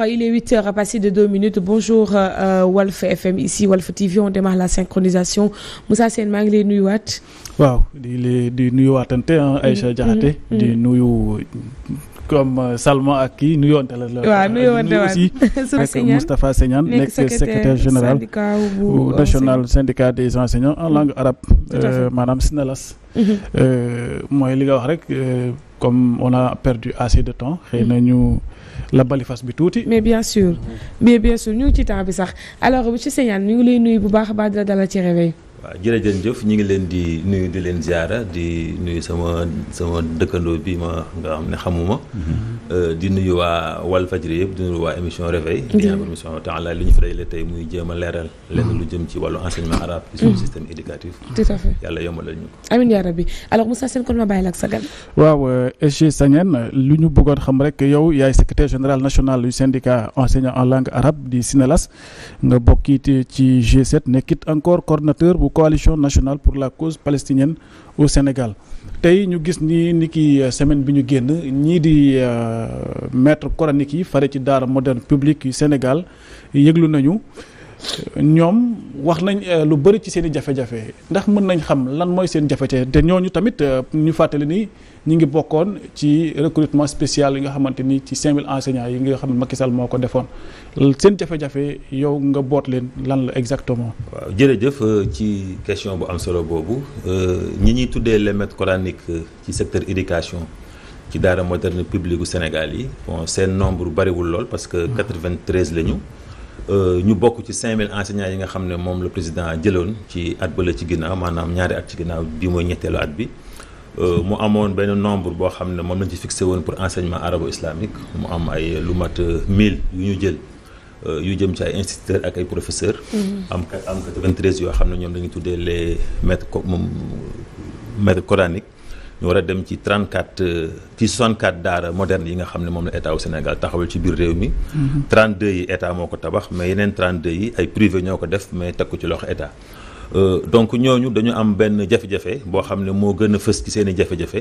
Alors, il est 8h passé de 2 minutes. Bonjour euh, euh Walf FM, ici Walf TV. On démarre la synchronisation. Moussa Sen maa ngi lay nuyuwaat. waaw di lay di nuyuwaatante ah Aïcha Diakhaté. Mm, mm. di nuyu comme euh, Salma ak kii nuyoonte la. waaw nuyoonte waat aussi nekk Moustapha Segnane nekk secrétaire général bu euh, national syndicat des enseignants en langue arabe. maanaam SNELAS. Mm-hmm. mooy li nga wax rek comme on a perdu assez de temps xëy mm-hmm. na ñu. la balifas bi tuuti. mais bien sûr mais bien sûr ñu ngi ci temps bi sax alors ci sëñaan ñu ngi lay nuyu bu baax a baax di la dalal ci waaw jërëjëf ñu ngi leen di nuyu di leen ziara di nuyu sama sama dëkkandoo bi ma nga xam ne xamuma. Mm-hmm. Euh, di nuyu waa Walfadjri yëpp di nuyu waa émission réveil. Mm-hmm. di nuyu émission li ñu fi dajale tey muy jéem leeral. lenn lu jëm ci wàllu enseignement arabe. ci suñu mm-hmm. système éducatif. tout à fait yàlla yombalal ñu ko. amiin yaa rabbi alors Moussa kon ma bàyyi la sa gan. waaw euh, SG Sagnène lu ñu bëggoon xam rek yow yaay secretaire général national du syndicat enseignant en langue arabe di SYNELAS nga bokkit ci G7 nekkit encore coordonnateur bu. bu coalition nationale pour la cause palestinienne au Sénégal tey ñu gis ni ni ki euh, semaine bi ñu génn ñii di euh, maître coranique yi fare ci daara moderne publique yu Sénégal yéglu nañu ñoom wax nañ euh, lu bëri ci seen i jafe-jafe ndax mën nañ xam lan mooy seen jafe-jafe te ñooñu tamit euh, ñu fàttali nii ñu ngi bokkoon ci recrutement spécial yi nga xamante ni ci 5000 enseignants yi nga xam ne Macky Sall moo ko defoon seen jafe-jafe yow nga boot leen lan la exactement. waaw jërëjëf euh, ci question bu am solo boobu ñi ñuy tuddee les maîtres coraniques ci secteur éducation. ci daara moderne publique gu Sénégal yi bon seen nombre bariwul lool parce que 93 la ñu. Euh, ñu bokk ci mille enseignants yi nga xam ne moom la président jëloon ci at ba ci ginnaaw maanaam ñaari at ci ginnaaw bii mooy ñetteelu at bi euh, mu amoon benn nombre boo xam ne moom lañ ci fixé woon pour enseignement arabo islamique mu am ay lu mat euh, mille yu ñu jël yu jëm ci ay instituteurs ak ay professeurs. Mm-hmm. am am 93 yoo xam ne ñoom la ñu tuddee les maîtres maîtres coraniques. ñu war a dem ci 34 euh, ci 64 daara moderne yi nga xam ne moom la état au Sénégal taxawul ci biir réew mi. 32 mhm. yi état moo ko tabax mais yeneen 32 yi ay privé ñoo ko def mais teg ko ci loxo état. Euh, donc ñooñu dañu am benn jafe-jafe boo xam ne moo gën a fës ci seen i jafe-jafe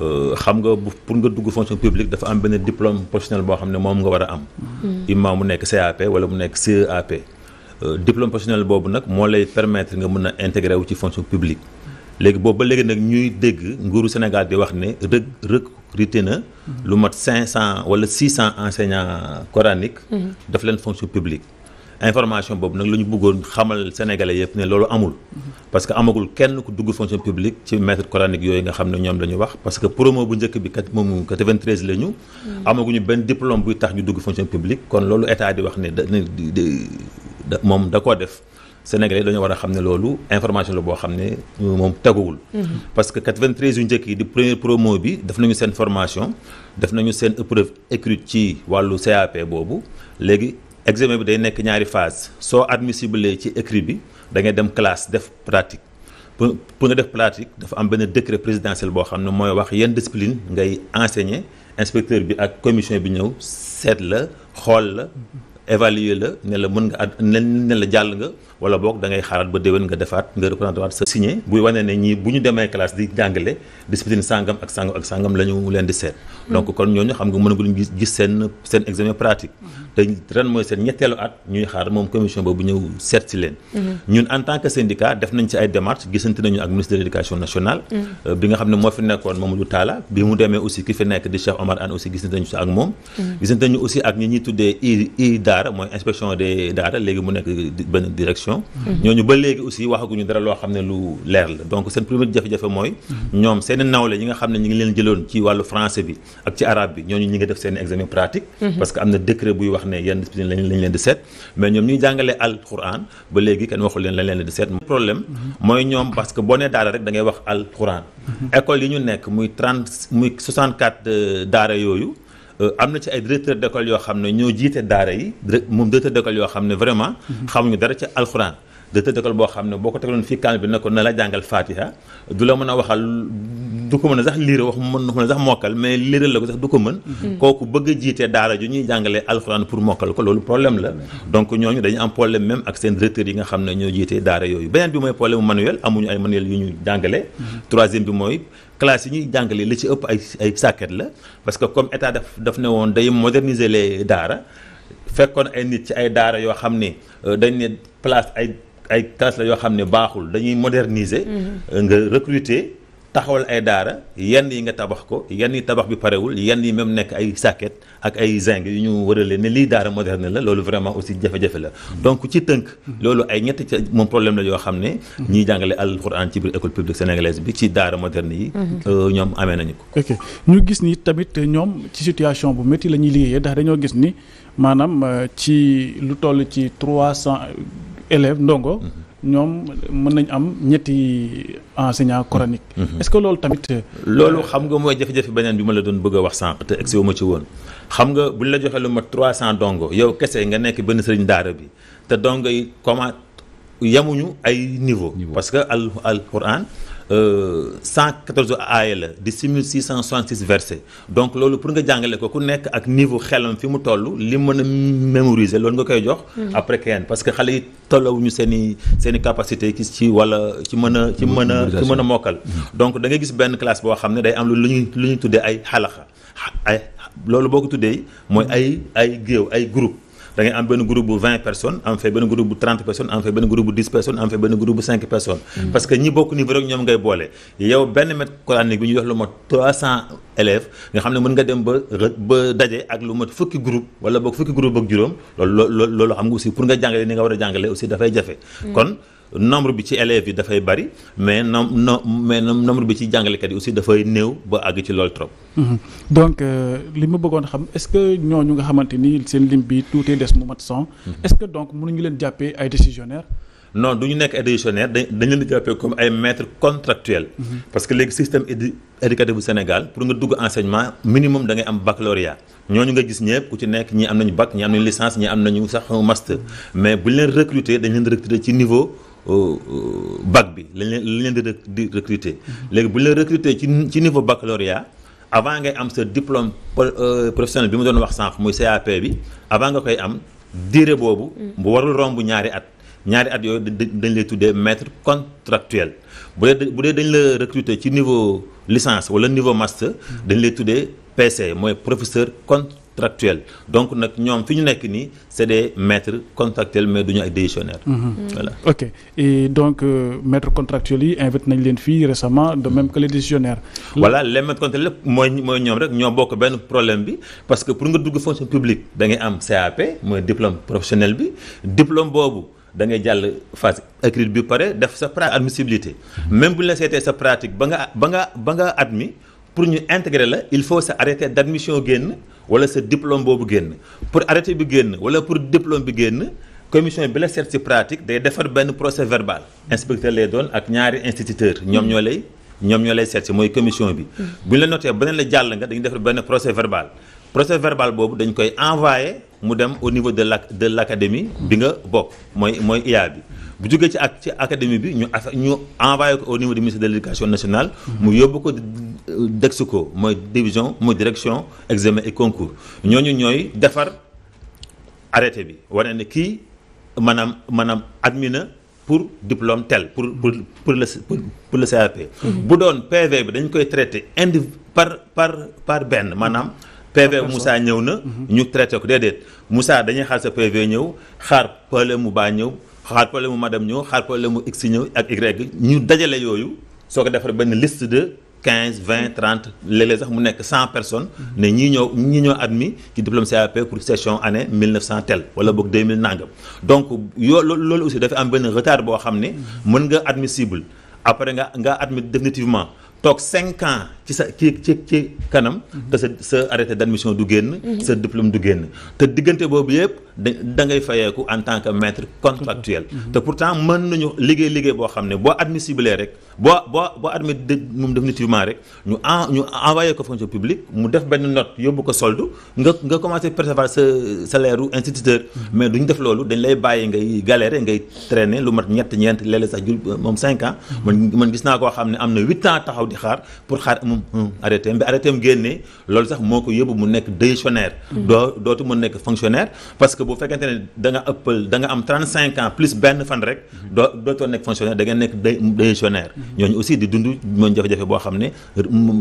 euh, xam nga pour nga dugg fonction publique dafa am benn diplôme professionnel boo xam ne moom nga war a am. Mhm. imam mu nekk CAP wala mu nekk CEAP. diplôme professionnel boobu nag moo lay permettre nga mën a intégrer wu ci fonction publique. léegi boobu ba léegi nag ñuy dégg nguuru Sénégal di wax ne rëg recruté na lu mat cinq cent wala six cent enseignants coraniques mhm. daf leen fonction publique information boobu nag la ñu bëggoon xamal sénégalais yëpp ne loolu amul mhm. parce que amagul kenn ku dugg fonction publique ci maître coranique yooyu nga xam ne ñoom la ñu wax parce que promo bu njëkk bi kat moom 93 la ñu mhm. amaguñu benn diplôme buy tax ñu dugg fonction publique kon loolu état di wax ne da moom da koo def Sénégalais dañoo war a xam ne loolu information la boo xam ne moom teguwul. parce que 93 yu njëkk yi di première promo bi def nañu seen formation def nañu seen épreuve écrite ci wàllu CAP boobu léegi examen bi day nekk ñaari phase soo admissible ci écrit bi dangay dem classe def pratique. pour pour nga def pratique dafa am benn décret présidentiel boo xam ne mooy wax yenn discipline ngay enseigner inspecteur bi ak commission bi ñëw seet la xool la évaluer la ne mën nga at ne jàll nga wala boog da ngay xaaraat ba déwén nga defaat nga représenté waat sa signé buy wane ne ñii bu demee classe di jàngale discipline sàngam ak sàngam ak sàngam la leen di seet hmm. donc kon ñooñu xam nga mën nga gis gis hmm. seet si leen hmm. ñun en tant que def nañ ci ay démarches gisante nañu ak ministre de l'éducation nationale euh, bi nga xam ne moo fi nekkoon Mamadou Talla bi mu demee aussi ki fi nekk di Cheikh Omar Anne daara mooy inspection des daara léegi mu nekk benn direction ñooñu ba léegi aussi waxaguñu dara loo xam ne lu leer la donc seen première jafe-jafe mooy ñoom seen nawle ñi nga xam ne ñi leen jëloon ci wàllu français bi ak ci arabe bi ñooñu ñi ngi def seen examen pratique mhm. parce que am na décret buy wax ne yenn di seet mais ñoom ñuy jàngalee al quran ba léegi kenn waxul leen lañ leen di seet mooy ñoom parce que boo daara rek da ngay wax al quran mhm. école yi ñu Euh, am na ci ay directeur d' yoo xam ne ñoo jiite daara yi moom directeur d' yoo xam ne vraiment mhm. xamuñu dara ci alxuraan directeur d' école boo xam ne boo ko tegaloon fii kan bi ne ko na la la mën a waxal du ko mën a sax liire wax mën na sax mokkal mais liiral la ko sax du ko mën mhm. kooku bëgg jiite daara ju ñuy jàngalee alxuraan pour mokkal ko loolu problème la donc ñooñu dañu am problème même ak seen directeur yi nga xam ne ñoo jiitee daara yooyu beneen bi mooy problème manuel amuñu ay manuel yu ñu jàngale mhm. troisième bi mooy classe yi ñuy jàngale li ci ëpp ay ay sàkket la parce que comme état daf daf ne woon day moderniser les daara fekkoon ay nit ci ay daara yoo xam ne euh, dañ ne place ay ay classe la yoo xam ne baaxul dañuy moderniser. Mm-hmm. Euh, nga recruter. taxawal ay daara yenn yi nga tabax ko yenn yi tabax bi parewul yenn yi même nekk ay sàkket ak ay zinc yu ñu wëralee ne lii daara moderne la loolu vraiment aussi jafe-jafe la donc ci tënk loolu ay ñetti ca moom problème la yoo xam ne ñiy jàngale al alxuraan ci biir école publique sénégalaise bi ci daara moderne yi euh, ñoom amee nañu ko ok ñu gis ni tamit ñoom ci situation bu métti la ñuy liggéeyee ndax dañoo gis ni maanaam euh, ci lu toll ci trois cent élèves ndongo mhm. ñoom mën nañ am ñetti enseignant coranique. Mhm. est-ce que loolu tamit. Euh, loolu xam nga mooy jafe-jafe beneen bi ma la doon bëgg a wax sànq te egsi wu ma ci woon xam nga buñ la joxee lu ma 300 dongo yow kese nga nekk benn sëriñ daara bi te dongo yi comment yemuñu ay niveau. parce que al al Quran Euh, cent 114 aaya la di cent 6666 versets donc loolu pour nga jàngale ko ku nekk ak niveau xelam fi mu toll li mën a mémoriser loolu nga koy jox. Mhm. après kenn parce que xale yi tollawuñu seeni seeni capacité ki ci wala ci mën a. ci mën a ci mën a mokkal. Mhm. donc da gis benn classe boo xam ne day am lu lu ñuy lu ñu tuddee ay xalaxa ay loolu boo ko tuddee mooy ay ay géew ay groupe. da ngay am benn groupe bu 20 personnes am fee benn groupe bu 30 personnes am fee benn groupe bu 10 personnes mm. parce que ñi bokk niveau rek ñoom ngay boole. yow benn mètre coranique bi ñu jox lu mot 300 élèves nga xam ne mën nga dem ba ba daje ak lu mot fukki group wala boog fukki groupe ak juróom loolu loolu loolu xam nga aussi pour nga jàngale ni nga war a jàngale aussi dafay jafe mm. nombre bi ci élèves yi dafay bari mais nom no mais nombre bi ci jàngalekat yi aussi dafay néew ba àgg ci loolu trop. Mhm. donc euh, li ma bëggoon xam est-ce que ñooñu nga xamante ni seen lim bi tuutee des mu mat son mhm. est-ce que donc mënuñu leen jàppee ay décisionnaires. non du ñu nekk ay décisionnaires dañ dañu leen jàppee comme ay maîtres contractuels. Mhm. parce que léegi système édi éducatif bu Sénégal pour nga dugg enseignement minimum da ngay am ñoo ñu nga gis ñëpp ku ci nekk ñi am nañu bac ñi am nañu licence am nañu sax master mais bu ñu leen recruter dañ leen ci niveau. bac bi lañ leen lañ leen di recruter. léegi bu ñu la recruter ci ci niveau baccalauréat avant ngay am sa diplôme euh, professionnel bi mu doon wax sànq muy CAP bi avant nga koy am diire boobu. Mm. bu warul romb ñaari at. ñaari at yooyu dañ lay tuddee maître contractuel bu dee bu dee dañ la recruter ci niveau licence wala niveau master mm. dañ lay tuddee PC mooy professeur contractuel. contractuel donc nag ñoom fi ñu nekk nii c'est des maîtres contractuels mais du ñu ay décisionnaires. Mhm. voilà ok et donc euh, maîtres contractuels yi invité nañ leen fii récemment de même que les décisionnaires. voilà les maîtres contractuels lépp mooy mooy ñoom rek ñoo bokk benn problème bi parce que pour nga dugg fonction publique da ngay am CAP mooy diplôme professionnel bi diplôme boobu. da ngay jàll phase écrite bi pare def sa pratique admissibilité mhm. même bu ñu la seetee sa pratique ba nga ba nga ba nga admis pour ñu intégrer la il faut sa arrêté d'admission génn wala sa diplôme boobu génn pour arrêté bi génn wala pour diplôme bi génn commission bi la seet ci pratique day defar benn procès verbal inspecteur lay doon ak ñaari instituteur ñoom ñoo lay ñoom ñoo lay seet ci mooy commission bi bu ñu la notee beneen la jàll nga dañu defar benn procès verbal procès verbal boobu dañ koy envoyé mu dem au niveau de la de l' académie bi nga bokk mooy mooy IA bi bu jógee ci ak ci académie bi ñu aff ñu envoyé ko au niveau du ministère de l' mu yóbbu ko DEXCO mooy division mooy direction examen et concours ñooñu ñooy defar arrêté bi wane ne kii maanaam maanaam admis na pour diplôme tel pour pour pour le pour le CAP. Mhm. bu doon PV bi dañ koy traité indi par par par benn maanaam. PV Moussa ñëw na. Mhm. ñu traité ko déedéet Moussa dañuy xaar sa PV ñëw xaar Pele mu baa ñëw. xaar problème mu madame ñëw xaar problème mu x ñëw ak y ñu dajale yooyu soo ko defar benn liste de quinze vingt trente léeg-léeg sax mu nekk cent personnes mhm. ne ñii ñoo ñii ñoo admis ci diplôme CAP pour session mille neuf cent tel wala boog deux mille nangam donc yoo loolu aussi dafa am benn retard boo xam ne mhm. mën nga admissible après nga nga admis définitivement toog cinq ans ci sa ci ci ci kanam te sa sa arrêté d'admission du génn sa diplôme du génn te diggante boobu yëpp da ngay fayeeku en tant que maître contractuel te pourtant mën nañu liggéey liggéey boo xam ne boo admissible rek boo boo boo admis moom définitivement rek ñu en ñu envoyé ko fonction publique mu def benn note yóbbu ko solde nga nga commencé percevoir sa salaire u instituteur mais duñ def loolu dañ lay bàyyi ngay galérer ngay traîner lu mat ñett ñeent léeg-léeg sax moom cinq ans di xaar pour xaar amum arrêté bi arrêté am génnee loolu sax moo ko yóbbu mu nekk décisionnaire mm. doo dootu mu nekk fonctionnaire parce que bu fekkente ne danga nga ëppal da nga am 35 ans plus benn fan rek mm-hmm. doo dootoo nekk fonctionnaire da nga nekk décisionnaire mm-hmm. ñooñu aussi di dund ñooñu jafe-jafe boo xam ne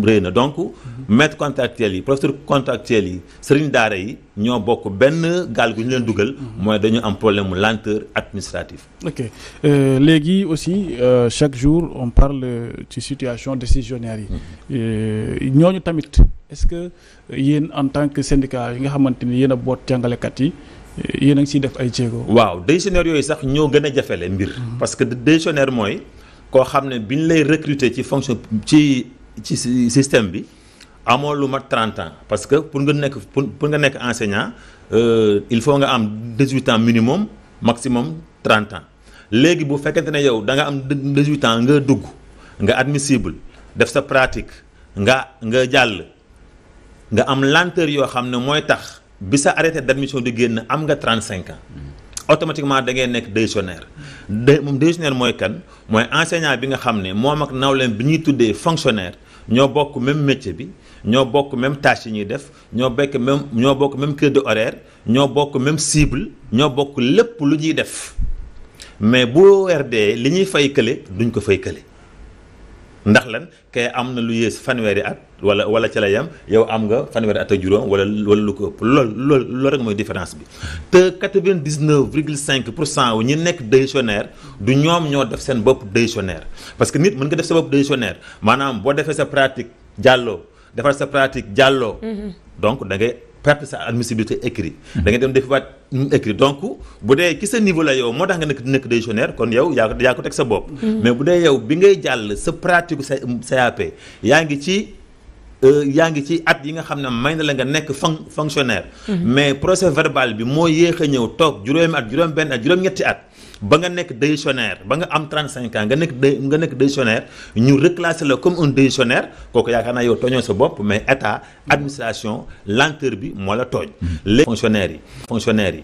réy na donc mm-hmm. maître contractuel yi professeur contractuel yi sëriñ daara yi ñoo bokk benn gaal gu ñu leen dugal. Mhm. mooy dañu am problème mu lenteur administrative. ok euh, léegi aussi euh, chaque jour on parle ci situation décisionnaire yi. Mhm. Euh, ñooñu tamit est-ce que euh, yéen en tant que syndicat yi nga xamante ni yéen a boot jàngalekat yi. yéen a ngi siy def ay jéego. waaw décisionnaire yooyu sax ñoo gën a jafele mbir. Mhm. parce que décisionnaire mooy koo xam ne bi ñu lay recruter ci fonction ci ci système bi. amoo lu mat 30 ans parce que pour nga nekk pour nga nekk enseignant euh, il faut nga am 18 ans minimum maximum 30 ans léegi bu fekkente ne yow da nga am 18 ans nga dugg nga admissible def sa pratique nga nga jàll nga am lenteur yoo xam ne mooy tax bi sa arrêté d'admission di génn am nga 35 ans automatiquement da ngay nekk décisionnaire de moom mooy kan mooy enseignant bi nga xam ne moom ak nawleen bi ñuy tuddee fonctionnaire. ñoo bokk même métier bi ñoo bokk même tâche yi ñuy def ñoo bokk même ñoo bokk même créneau horaire ñoo bokk même cible ñoo bokk lépp lu ñuy def mais bu weer dee li ñuy fay kële duñ ko fay kële. ndax lan kay am na lu yées fanweeri at wala wala ca la yem yow am nga fanweeri at ak juróom wala wala lu ko ëpp lool lool loolu rek mooy différence bi te 99 virgule 5 pour cent wu ñi nekk décisionnaire du ñoom ñoo def seen bopp décisionnaire parce que nit mun nga def sa bopp décisionnaire maanaam boo defee sa pratique jàlloo defal sa pratique jàlloo mm-hmm. donc da perte sa admissibilité écrit da nga dem defiwaat écrit donc bu dee ci sa niveau la yow moo tax nga nekk nekk décisionnaire kon yow yaa ko yaa ko teg sa bopp mm-hmm. mais bu dee yow bi ngay jàll sa pratique sa CAP yaa ngi ci euh, yaa ngi ci at yi nga xam ne may na la nga nekk fon fonctionnaire mm-hmm. mais procès verbal bi moo yéex a ñëw toog juróomi at juróom benn at juróom ñetti at ba nga nekk décisionnaire ba nga am 35 ans nga nekk dé nga nekk décisionnaire ñu reclasser la comme un décisionnaire kooku yaakaar naa yow tooñoo sa bopp mais état administration lenteur bi moo la tooñ. les fonctionnaires yi fonctionnaires yi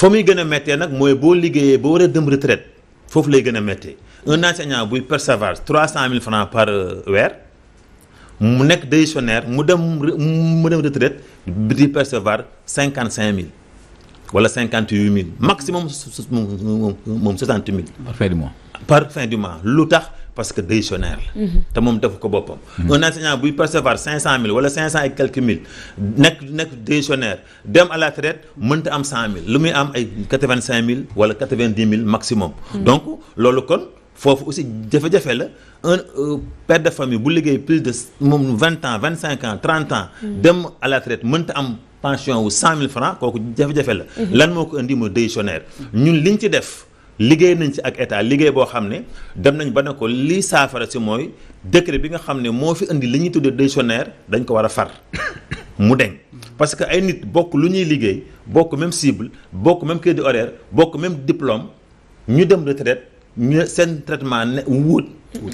fa muy gën a méttee nag mooy boo liggéeyee boo war a dem retraite foofu lay gën a méttee un enseignant buy percevoir 300 000 francs par euh, weer mu nekk décisionnaire mu dem mu dem retraite di percevoir cinq mille wala cinquante huit mille maximum moom moom soixante mille. par fin du mois. par fin du mois lu tax parce que décisionnaire la. Mhm. te moom def ko boppam. Mhm. un enseignant buy percevoir cinq cent mille wala cinq cent et quelques mille nekk nekk décisionnaire dem à la retraite mënta am cent mille lu muy am ay quatre vingt cinq mille wala quatre vingt dix mille maximum. Mhm. donc loolu kon foofu aussi jafe-jafe la un euh, père de famille bu liggéey plus de moom vingt ans vingt cinq ans trente pension wu 100000 francs kooku jafe-jafe la. Mhm. lan moo ko indi mooy décisionnaire. ñun liñ ci def liggéey nañ ci ak état liggéey boo xam ne dem nañ ba ne ko lii saafara si mooy décret bi nga xam ne moo fi indi li ñuy tuddee décisionnaire dañ ko war a far mu deñ parce que ay nit bokk lu ñuy liggéey bokk même cible bokk même crédit horaire bokk même diplôme ñu dem retraite ñu seen traitement ne wuut.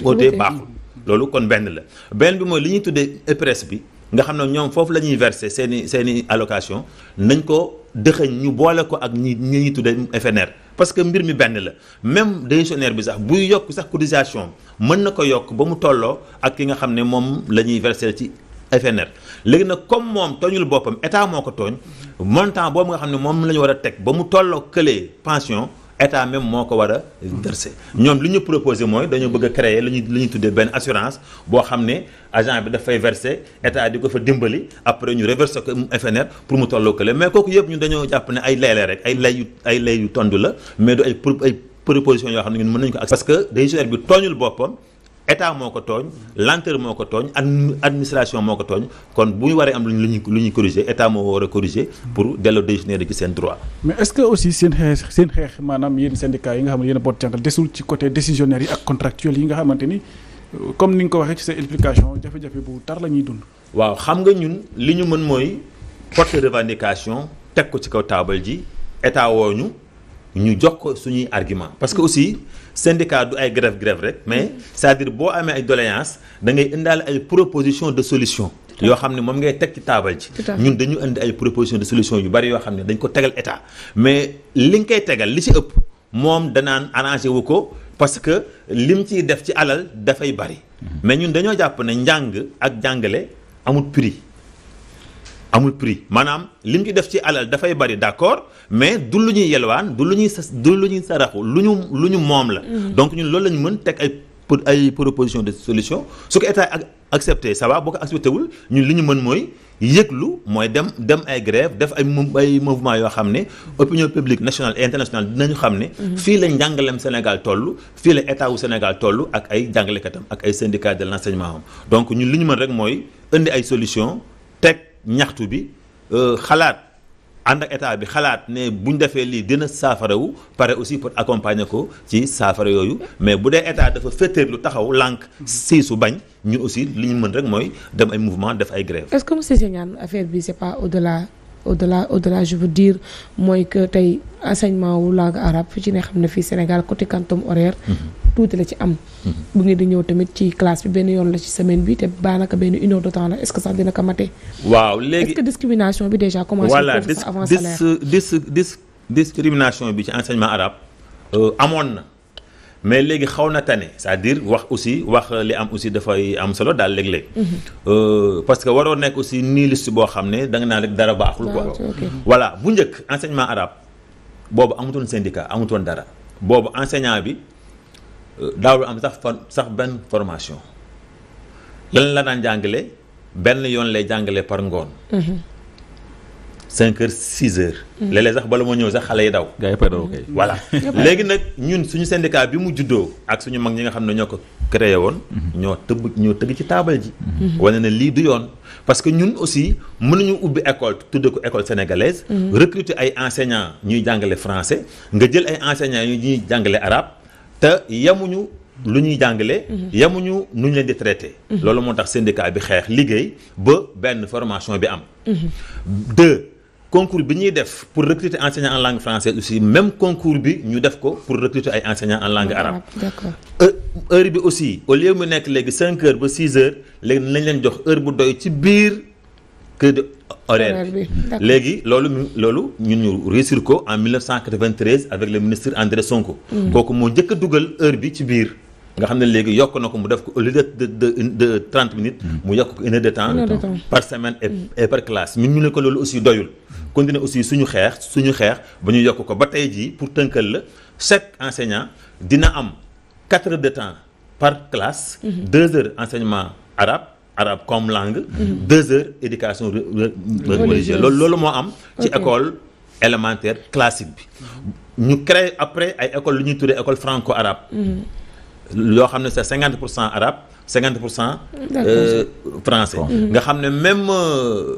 wuute baaxul loolu kon benn la benn bi mooy li ñuy tuddee EPRES bi. nga xam ne ñoom foofu la ñuy verser seeni seen i allocation nañ ko dëxëñ ñu boole ko ak ñi ñu ñuy tuddee FNR parce que mbir mi benn la même décisionnaire bi sax buy yokk sax cotisation mën na ko yokk ba mu tolloo ak ki nga xam ne moom la ñuy verser ci FNR léegi nag comme moom tooñul boppam état moo ko tooñ montant boobu nga xam ne moom la ñu war a teg ba mu tolloo këlee pension état même moo ko war a versé ñoom li ñu proposé mooy dañoo bëgg créer la ñuy la ñu tuddee benn assurance boo xam ne agent bi dafay verse état di ko fa dimbali après ñu reversé ko FNR pour mu tolloo kële mais kooku yëpp ñun dañoo jàpp ne ay lay la rek ay lay yu ay lay yu tondu la mais du ay proposition yoo xam ne ñun mën nañu ko parce que décisionnaire bi tooñul boppam état moo ko tooñ lenteur moo ko tooñ administration moo ko tooñ kon bu ñu waree am lu ñu lu ñuy corriger état moo war a pour delloo décisionnaire yi seen droit. mais est-ce que aussi seen xeex seen xeex maanaam yéen syndicats yi nga xam ne yéen a boot jàngal desul ci côté décisionnaire yi ak contractuel yi nga xamante ni comme ni nga ko waxee ci sa explication jafe-jafe bu tar la dund. waaw xam nga ñun li ñu mën mooy porter revendication teg ko ci kaw taabal ji état woo ñu ñu jox ko suñuy argument parce que aussi. syndicat du ay grève grève rek mais mm-hmm. cest à boo amee ay dangay da ay proposition de solution yoo xam ne moom ngay teg ci taabal ji ñun dañu indi ay proposition de solution yu bari yoo xam ne dañ ko tegal état mais li nga koy tegal li ci ëpp moom danaan arrangé wu ko parce que lim ciy def ci alal dafay bari mm-hmm. mais ñun dañoo jàpp ne njàng ak jàngale amut prix amul prix maanaam lim ci def ci alal dafay bari d'accord mais du lu ñuy yelwaan du lu ñuy du lu ñuy saraxu lu ñu lu ñu moom la. Mm-hmm. donc ñun loolu la ñu mën teg ay ay proposition de solution su ko état accepté ça va boo ko accepté wul ñun li ñu mën mooy yëglu mooy dem dem ay grève def ay ay mouvement yoo xam ne opinion publique nationale et internationale dinañu xam ne. Mm-hmm. fii la njàngalem Sénégal toll fii la état wu Sénégal toll ak ay jàngalekatam ak ay syndicats de l'enseignement am donc ñun li ñu mën rek mooy indi ay solution teg. ñaxtu bi euh, xalaat ànd ak état bi xalaat ne bu ñu defee lii dina wu pare aussi pour accompagner ko ci saafara yooyu mais bu dee état dafa féeteer lu taxaw lànk siisu bañ ñu aussi li ñu mën rek mooy dem ay mouvement def ay grève est-ce que monsieur Ségnane affaire bi c'est pas au-delà au-delà la delà je veux dire mooy que tey enseignement wu langue arabe fi ci ne xam ne fii Sénégal côté quantum horaire mhm. tuuti la ci am bu mhm. ngeen di ñëw tamit ci classe bi benn yoon la ci semaine bi te baanaka benn union heure de temps la est-ce que sax dina ko matee waaw léegi est-ce que discrimination bi déjà commencé voilà dis dis discrimination bi ci enseignement arabe euh, amoon na mais léegi xaw na tane c'est-à-dire wax aussi wax li am aussi dafay am solo daal léeg-léeg. Mhm. Euh, parce que waroo nekk aussi nihiliste boo xam ne danga naa rek dara baaxul quoi. Ah, voilà bu njëkk enseignement arabe boobu amutoon syndicat amatoon dara boobu enseignant bi euh, daawul am sax sax benn formation lan la daan jàngale benn yoon lay jàngale par ngoon. Mhm. cinq heures six heures. Mm. léeg-léeg sax bala moo ñëw sax xale yi daw. gars léegi nag ñun suñu syndicat bi mu juddoo ak suñu mag ñi nga xam ne ñoo ko créé woon. Mm-hmm. ñoo tëb ñoo tëgg ci taabal ji. Mm-hmm. wane na lii du yoon. parce que ñun aussi mënuñu ubbi école tudde ko école sénégalaise. Mm-hmm. recruter ay enseignants ñuy jàngale français nga jël ay enseignants ñuy jàngale arabe te yamuñu lu ñuy jàngale yamuñu nu ñu leen di traité loolu moo tax syndicat bi xeex liggéey ba benn formation bi am concours bi ñuy def pour recruter enseignant en langue française aussi même concours bi ñu def ko pour recruter ay enseignant en langue arabe ah, euh, heure bi aussi au lieu mu nekk léegi cinq heures ba six heures léegi nañ leen jox heure bu doy ci biir crédit horaire bi léegi loolu loolu ñun ñu réussir ko en 1993 avec le ministre André Sonko mm. kooku moo njëkk a dugal heure bi ci biir nga xam ne léegi yokk na ko mu def ko au lieu de de de trente minutes. Mm. mu yokk ko une heure de temps par semaine mm. et par classe ñun ñu ne ko loolu aussi doyul. continuer aussi suñu xeex suñu xeex ba ñu yokk ko ba tey jii pour tënkal la chaque enseignant dina am quatre de temps par classe. Mm-hmm. deux heures enseignement arabe arabe comme langue. Mm-hmm. deux heures éducation loolu loolu moo am. ci école élémentaire classique bi. ñu créé après ay école lu ñuy tuddee école franco arabe. Mm-hmm. loo xam ne c'est cinquante pour cent arabe cinquante pour cent euh, français nga xam ne même euh,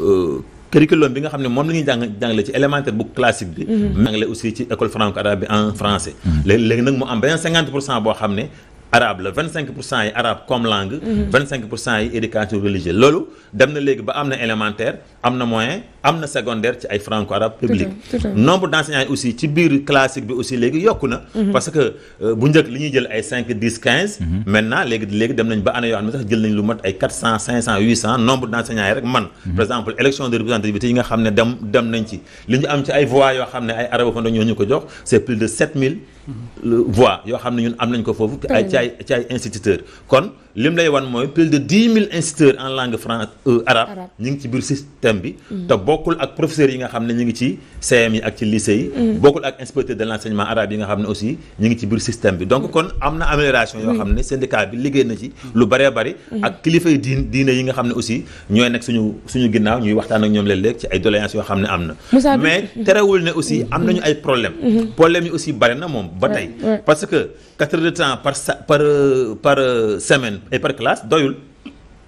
euh, curriculum bi nga xam ne moom la ñuy jàng jàngale ci élémentaire bu classique bi mhm. jàngale aussi ci école franco arabe bi en français mhm. léegi nag mu am beneen cinquante pour cent boo xam ne arabe la vingt cinq pour cent yi arabe comme langue vingt cinq pour cent yi éducation religieuse loolu dem na léegi ba am na élémentaire am na moyen am na secondaire ci ay franco arabe public nombre d'enseignants yi aussi ci biir classique bi aussi léegi yokk na mhm. parce que euh, bu njëkk li ñu jël ay cinq dix quinze mhm. maintenant léegi léegi dem nañ ba année yoo xam ne sax jël nañ lu mat ay quatre cent cinq cent huit cent nombre d'enseignants rek man mhm. par exemple nga xam ne dem dem nañ ci li ñu am ne ay arabophone ñoo ñu voix yoo xam ne ñun am nañ ko foofu ci ay ci ay instituteurs kon lim lay wan mooy plus de dix mille instituteurs en langue france euh, arabe ñu ngi ci biir système bi mm. te bokkul ak professeurs yi nga xam ne ñu ngi ci CM yi ak ci lycée yi mm. bokkul ak inspecteur de l' enseignement arabe yi nga xam ne aussi ñu ngi ci biir système bi donc mm. kon am na amélioration yoo xam ne syndicat bi liggéey na ci lu bëree bëri ak kilifa yi diin diine yi nga xam ne aussi ñooy nekk suñu suñu ginnaaw ñuy waxtaan ak ñoom léeg-léeg ci ay doléances yoo xam ne am na mais mm-hmm. terewul ne aussi am nañu ay problème mm-hmm. problème yi aussi bëri na moom ba tey parce que quatre heures de par par et par classe doyul.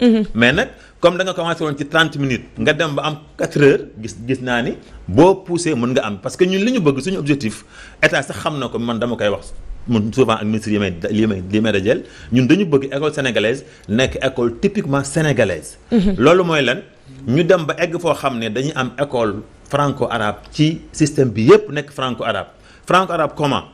Mhm. mais nag comme danga nga commencé woon ci 30 minutes nga dem ba am 4 heures gis gis naa ni boo poussé mun nga am parce que ñun li ñu bëgg suñu objectif état sax xam na ko man dama koy wax mun souvent ak ministre yi may li may li may dajale ñun dañu bëgg école sénégalaise nekk école typiquement sénégalaise. Mhm. loolu mooy lan ñu dem ba egg foo xam ne dañu am école franco arabe ci système bi yépp nekk franco arabe franco arabe comment.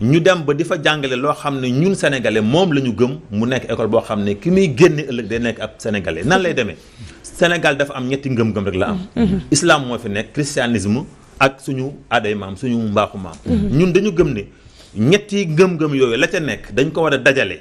ñu dem ba di fa jàngale loo xam ne ñun sénégalais moom la ñu gëm mu nekk école boo xam ne ki muy génne ëllëg day nekk ab sénégalais nan lay demee Sénégal dafa am ñetti ngëm-ngëm rek la am. Mhm. islaam moo fi nekk christianisme ak suñu aaday maam suñu mbaaxu maam. Mhm. ñun dañu gëm ne ñetti ngëm-ngëm yooyu la ca nekk dañ ko war a dajale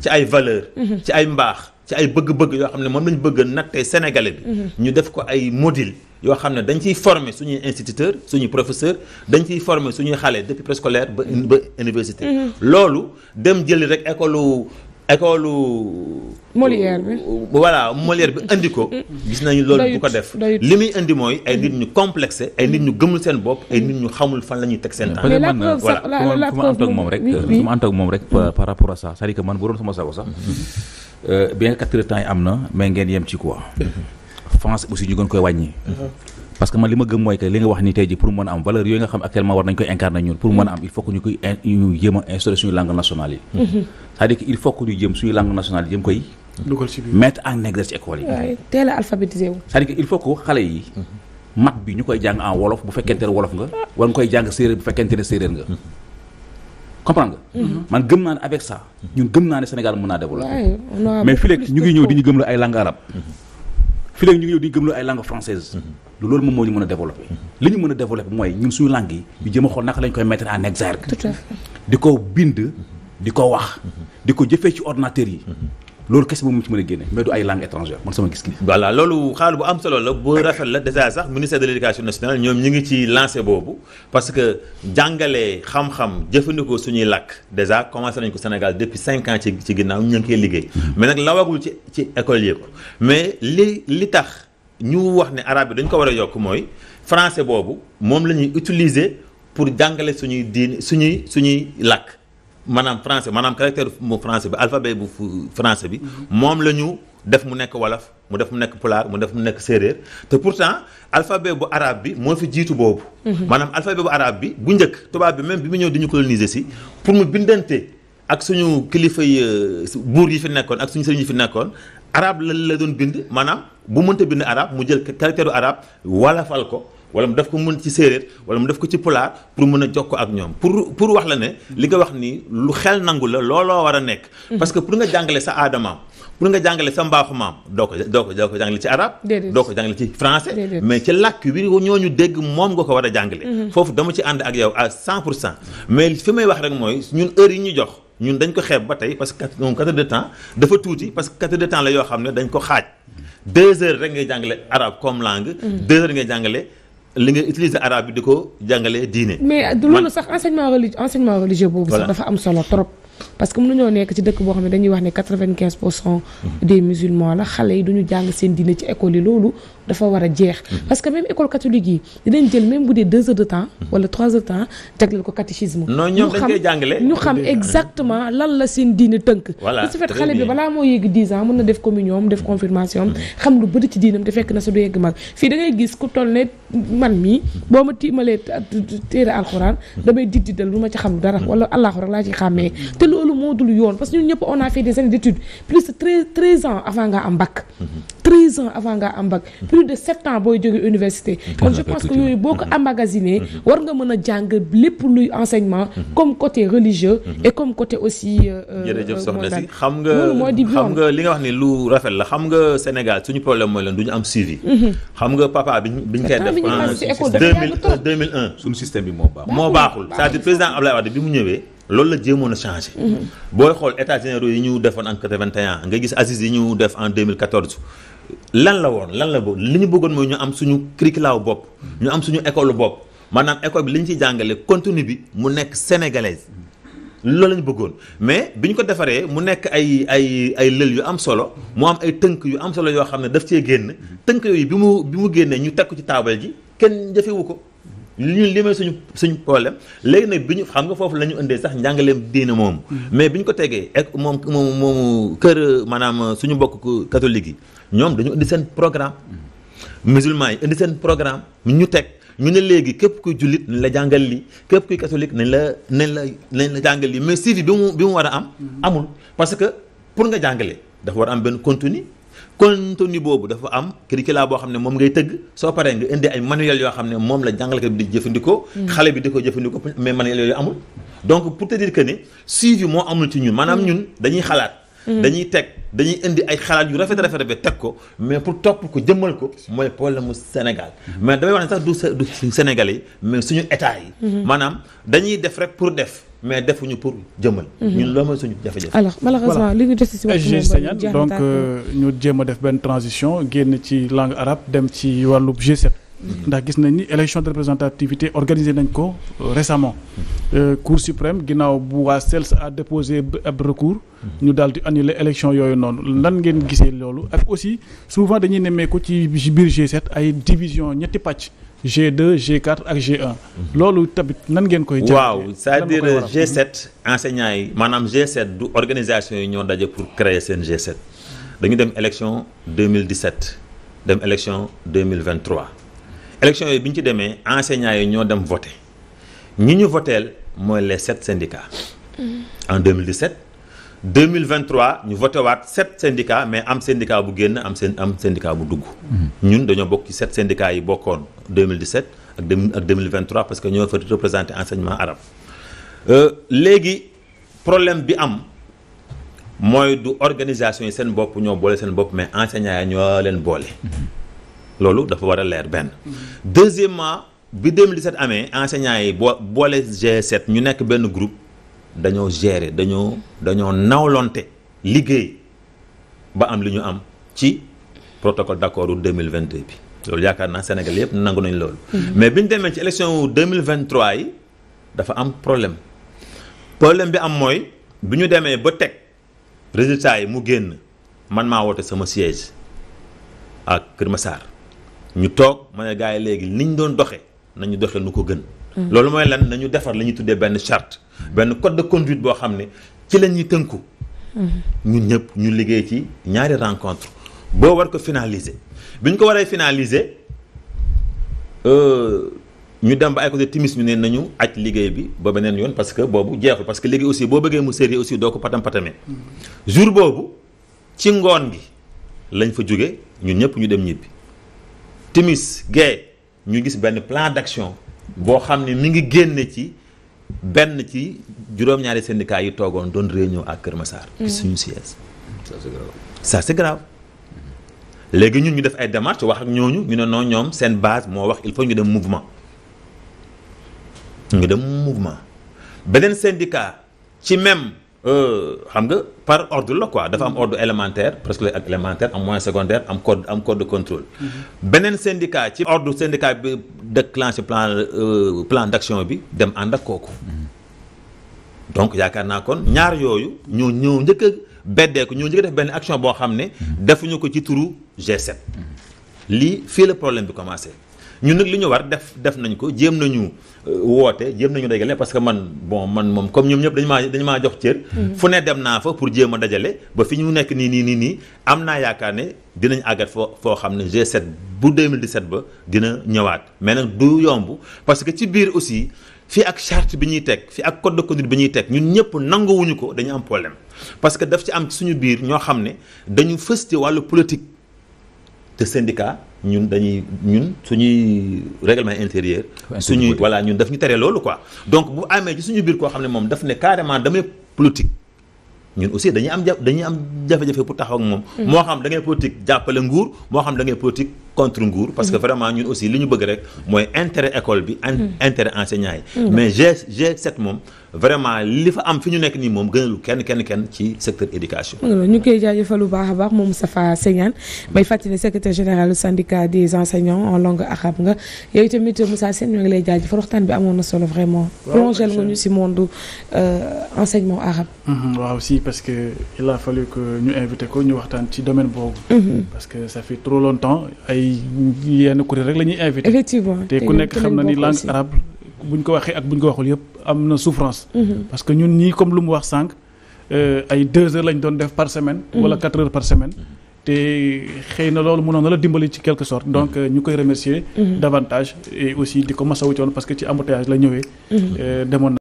ci ay valeur mhm. ci ay mbaax. ci ay bëgg-bëgg yoo xam ne moom nañu bëgg a nattee sénégalais bi. Mhm. ñu def ko ay modile yoo xam ne dañ ciy former suñuy instituteur suñuy professeur dañ ciy former suñuy xale depuis préscolaire ba mhm. ba université. Mhm. loolu dem jëli rek école école. Molière bi voilà Molière bi indi ko. gis nañu loolu bu ko def. li muy indi mooy ay nit ñu complexé ay nit ñu gëmul seen bopp ay nit ñu xamul fan la ñuy teg seen temps. mais la preuve sax la moom rek su ma ànd ak moom rek par rapport à ça c'est-à-dire que man bu doon sama Euh, bien que quatre heures temps yi am na mais ngeen yem ci quoi. France aussi ñu gën koy wàññi. parce que man li ma gëm mooy que li nga wax ni tey ji pour mën a am valeur yooyu nga xam actuellement war nañ koy incarner ñun pour mën am il faut que ñu koy ñu jéem a instauré suñu langue nationale yi. c'est-à-dire que il faut que ñu jëm suñu langue nationale yi jëm koy. dugal en exerce ci école yi. waaye teel a alphabétisé que il faut que xale yi. mat bi ñu koy jàng comprendre mhm. man gëm naa ne avec sa ñun gëm naa ne Sénégal mën naa développer. mais mhm. fii léegi ñu ngi ñëw di ñu gëm la ay langue arabe. fii léegi ñu ngi ñëw di ñu gëm la ay langue française mhm. lu loolu moom moo ñu mën a développer. li ñu mën a développer mooy ñun suñu langue yi ñu jëm a xool naka lañ koy mettre en exergue. di ko bind di ko wax di ko jëfee ci ordinateur yi. loolu kese boobu mu ci mën a génne mais du ay langue étrangère man sama gis-gis. voilà loolu xaaral bu am solo la bu rafet la déjà sax ministère de l'éducation nationale ñoom ñu ngi ci lancé boobu parce que jàngale xam-xam jëfandikoo suñuy làkk déjà commencé nañ ko Sénégal depuis cinq ans ci ci ñu ngi koy liggéey. Mm-hmm. mais nag lawagul ci ci école yëpp mais li li tax ñu wax ne arabe bi dañ ko war a yokk mooy français boobu moom la ñuy utiliser pour jàngale suñuy diin suñuy suñuy làkk. maanaam français maanaam caractère mu français bi alphabet bu france bi moom la ñu def mu nekk wolof mu def mu nekk polaar mu def mu nekk séeréer te pourtant alphabet bu arabe bi moo fi jiitu boobu mhm. maanaam alphabet bu araab bi bu njëkk tubaab bi même bi mu ñëw dañu ñu coloniser si pour mu bindante ak suñu kilifa yi euh, buur yi fi nekkoon ak suñu sëriñ yi fi nekkoon arabe la la doon bind maanaam bu mënta bind arabe mu jël caractère bu walafal ko wala mu def ko mun ci séeréer wala mu def ko ci pulaar pour mën a jokkoo ak ñoom pour pour wax la ne li nga wax ni lu xel nangu la looloo war a nekk mm-hmm. parce que pour nga jàngale sa aadamaam pour nga jàngale sa mbaaxu maam doo ko doo ko doo ko jàngale ci arabe doo ko jàngale ci français mais ci làkk wi ñu dégg moom nga ko war a jàngale mm-hmm. foofu dama ci ànd ak yow à cent pour cent mais fi may wax rek mooy ñun heure yi ñu jox ñun dañ ko xeeb ba tey parce que moom quatre heures dafa tuuti parce que quatre yoo xam ne dañ ko xaaj deux heures rek ngay jàngale arabe comme langue mm-hmm. ngay jàngale li nga utiliser arabe bi di ko jàngalee diine. mais du loolu sax enseignement religieux enseignement religieux boobu sax dafa am solo trop. parce que ñoo nekk ci dëkk boo xam ne dañuy wax ne quatre-vingt-quinze pour cent mhm. des musulmans la xale yi duñu jàng seen diine ci école yi loolu dafa war a jeex mhm. parce que même école catholique yi dinañ jël même bu dee deux heures de temps mhm. wala trois heures de temps jagleel ko catéchisme non ñoom dañ koy ñu xam exactement lan la seen diine tënk voilà su fekkee xale bi balaa moo yegg dix ans mën na def communion am def confirmation xam lu bëri ci diinam te fekk na sa du yegg mag fii da ngay gis ku ne man mii boo ma tiimalee téere alxuraan damay diddidal lu ma ci xam lu dara wala allahu rek laa ci xàmmee loolu moo dul yoon parce que ñun ñëpp on a fait des années d'études plus treize ans avant nga am bac. plus de sept booy jógee université. Mm-hmm. kon je pense que yooyu boo ko mm-hmm. emmagasiné. Mm-hmm. war nga mën a jàng lépp luy enseignement. comme côté religieux. et comme côté aussi. Euh, euh, euh, xam nga xam nga li nga wax ni lu rafet la xam nga Sénégal suñu problème mooy lan du am suivi. xam nga papa bi ñu bi ñu koy def. mille un suñu système bi moo baaxul. moo baaxul cest à loolu la jéemoon a changé. Mhm. booy xool états généraux yi ñu defoon en 81 nga gis assises yi ñu def en 2014 lan la woon lan la boobu li ñu bëggoon mooy ñu am suñu curriculum bopp. ñu am suñu école bopp maanaam école bi li ñu ciy jàngale continue bi mu nekk sénégalaise. loolu la bëggoon mais bi ñu ko defaree mu nekk ay ay ay lël yu am solo mu am ay tënk yu am solo yoo xam ne daf cee génn tënk yooyu bi mu bi mu génnee ñu teg ci taabal ji kenn jëfewu ko. li ñu limee suñu suñu problème léegi nag bi ñu xam nga foofu la ñu indee sax njàngaleem diine moom mm-hmm. mais bi ñu ko tegee ak moom moom moomu kër maanaam suñu mbokk catholique yi ñoom dañu indi seen programme mm-hmm. musulman yi indi seen programme ñu teg ñu ne léegi képp kuy jullit nañ la jàngal li képp kuy catholique nañ la nañ la nañ la jàngal li mais suivi bi mu bi mu war a am mm-hmm. amul parce que pour nga jàngale dafa war a am benn contenu contenu boobu dafa am curriculum boo xam ne moom ngay tëgg soo paree nga indi ay manuel yoo xam ne moom la jàngalekat bi di jëfandikoo mm. xale bi di ko jëfandikoo mais manuel yooyu amul donc pour te dire que ne suivi moo amul ci ñun maanaam mm. ñun dañuy xalaat mm. dañuy teg dañuy indi ay xalaat yu rafet rafet rafet teg ko mais pour topp ko jëmmal ko mooy la mu Sénégal mais damay wax ne sax du du Sénégalais yi mais suñu état yi mm-hmm. maanaam dañuy def rek pour mais defuñu pour jëmal. Mhm. ñun loo mooy suñu jafe-jafe. alors li ñu des si waxtu donc euh, ñu jéem a def benn transition génn ci langue arabe dem ci wàllu G7. Mhm. ndax gis nañ ni élection de représentativité organisé nañ ko euh, récemment. Mhm. Euh, cour suprême ginnaaw bu waa CELS a déposé ab recours. ñu daal di annuler élection yooyu noonu lan ngeen gisee loolu ak aussi souvent dañuy nemmee ko ci biir g ay division ñetti pàcc. G2 G4 ak G1. Mhm. loolu tamit nan ngeen koy. jàppee waaw c'est-à-dire G7 enseignants yi maanaam G7 du organisation yi ñoo daje pour créer seen G7 dañu dem élection 2017 dem élection 2023 élection yi bi ñu ci demee enseignants yi ñoo dem voté ñi ñu voteel mooy les sept syndicats. Mhm. en 2017. 2023 ñu voté waat sept syndicats mais am syndicat bu génn am seen am syndicat bu dugg. ñun dañoo bokk ci sept syndicats yi bokkoon 2017 ak deux ak 2023 parce que ñoo fa représenté enseignement arabe. Euh, léegi problème bi am mooy du organisation yi seen bopp ñoo boole seen bopp mais enseignants yi ñoo leen boole. loolu dafa war a leer benn. deuxièmement bi 2017 amee enseignants yi boo boole G7 ñu nekk benn groupe. dañoo gérer dañoo dañoo nawlonte liggéey ba am li ñu am ci protocole d'accord wu 2022 bi loolu yaakaar naa Sénégal yëpp nangu nañ loolu. Mhm. mais bi ñu demee ci élection wu 2023 yi dafa am problème problème bi am mooy bi ñu demee ba teg résultat yi mu génn man maa woote sama siège ak Kër Massar ñu toog ma ne gars yi léegi ni ñu doon doxee nañu doxee nu ko gën. loolu mooy len nañu defar la ñuy tuddee benn charte benn code de conduite boo xam ne ci la ñuy tënku ñun ñëpp ñu liggéey ci ñaari rencontre boo war ko finaliser bi ñu ko waree finaliser euh, ñu dem ba ay côté timis ñu ne nañu aj liggéey bi ba beneen yoon parce que boobu jeexul parce que léegi aussi boo bëggee mu sérieux aussi doo ko patam patamee jour boobu ci ngoon gi lañ fa jóge ñun ñëpp ñu dem ñibbi timis gee ñu gis benn plan d'action boo xam ne mi ngi génne ci benn ci juróom-ñaari syndicats yi toogoon doon réunion ak Kër Massar. Mm. ci suñu siège. ça c'est grave. ça léegi ñun ñu def ay démarches wax ak ñooñu ñu ne noo ñoom seen base moo wax il faut ñu dem mouvement ñu dem mouvement beneen syndicat ci même. Euh, xam nga par ordre la quoi dafa am ordre élémentaire presque ak élémentaire am moyen secondaire am code am code de contrôle. Mhm. beneen syndicat ci ordre syndicat bi déclenché plan euh, plan d' action bi dem ànd ak kooku. Mhm. donc yaakaar naa kon ñaar yooyu ñoo ñoo njëkk a beddeeku ñoo njëkk def benn action boo xam ne. Mhm. defuñu ko ci turu G7. lii fii la problème bi commencé ñun nag li ñu war def def nañ ko jéem nañu. woote jéem nañu dajale parce que man bon man moom comme ñoom ñëpp dañu maa dañu maa jox cër. Mm-hmm. fu ne dem naa fa pour jéem a dajale ba fi ñu nekk nii nii nii nii am naa yaakaar ne dinañ àggat foo foo xam ne G7 bu 2017 ba dina ñëwaat mais nag du yomb parce que ci biir aussi fii ak charte bi ñuy teg fii ak code de bi ñuy teg ñun ñëpp nanguwuñu ko dañu am problème parce que daf ci am suñu biir ñoo xam ne dañu fës ci wàllu politique. te syndicat ñun dañuy ñun suñuy règlement intérieur suñuy voilà ñun daf ñu tere loolu quoi donc bu amee ci suñu biir koo xam ne moom daf ne carrément damay politique ñun aussi dañuy am ja dañuy am jafe-jafe pour taxaw ak moom mm. moo xam da ngay politique jàppale nguur moo xam da ngay politique contre nguur parce que mm. vraiment ñun aussi li ñu bëgg rek mooy intérêt école bi mm. intérêt enseignant yi mm. mais G7 moom vraiment li fa am fi ñu nekk nii moom gënalu kenn kenn kenn ci secteur éducation ñu koy jaajëfal lu baax a baax moom Moustapha Segnane may fàttali secrétaire général syndicat des enseignants en langue arabe nga yooyu tamit Moussa Sène ñu ngi lay jaajëfal waxtaan bi amoon na solo vraiment plongel nga ñu euh, mm-hmm, si monde enseignement a fallu ko ñu waxtaan ci domaine boobu mm-hmm. parce que ça ay yenn kuréel rek la ñuy invité. effectivement te ku nekk xam na ni langue arabe buñ ko waxee ak buñ ko waxul yëpp am na souffrance. Mhm. parce que ñun ñii comme lu mu wax sànq euh, ay deux heures lañ doon def par semaine. Mhm. wala quatre heures par semaine. te xëy na loolu mënoon na la dimbali ci quelque sorte mhm. donc euh, ñu koy remercier davantage aussi di ko masawu coon parce que ci embouteillage la ñëwee euh, demoon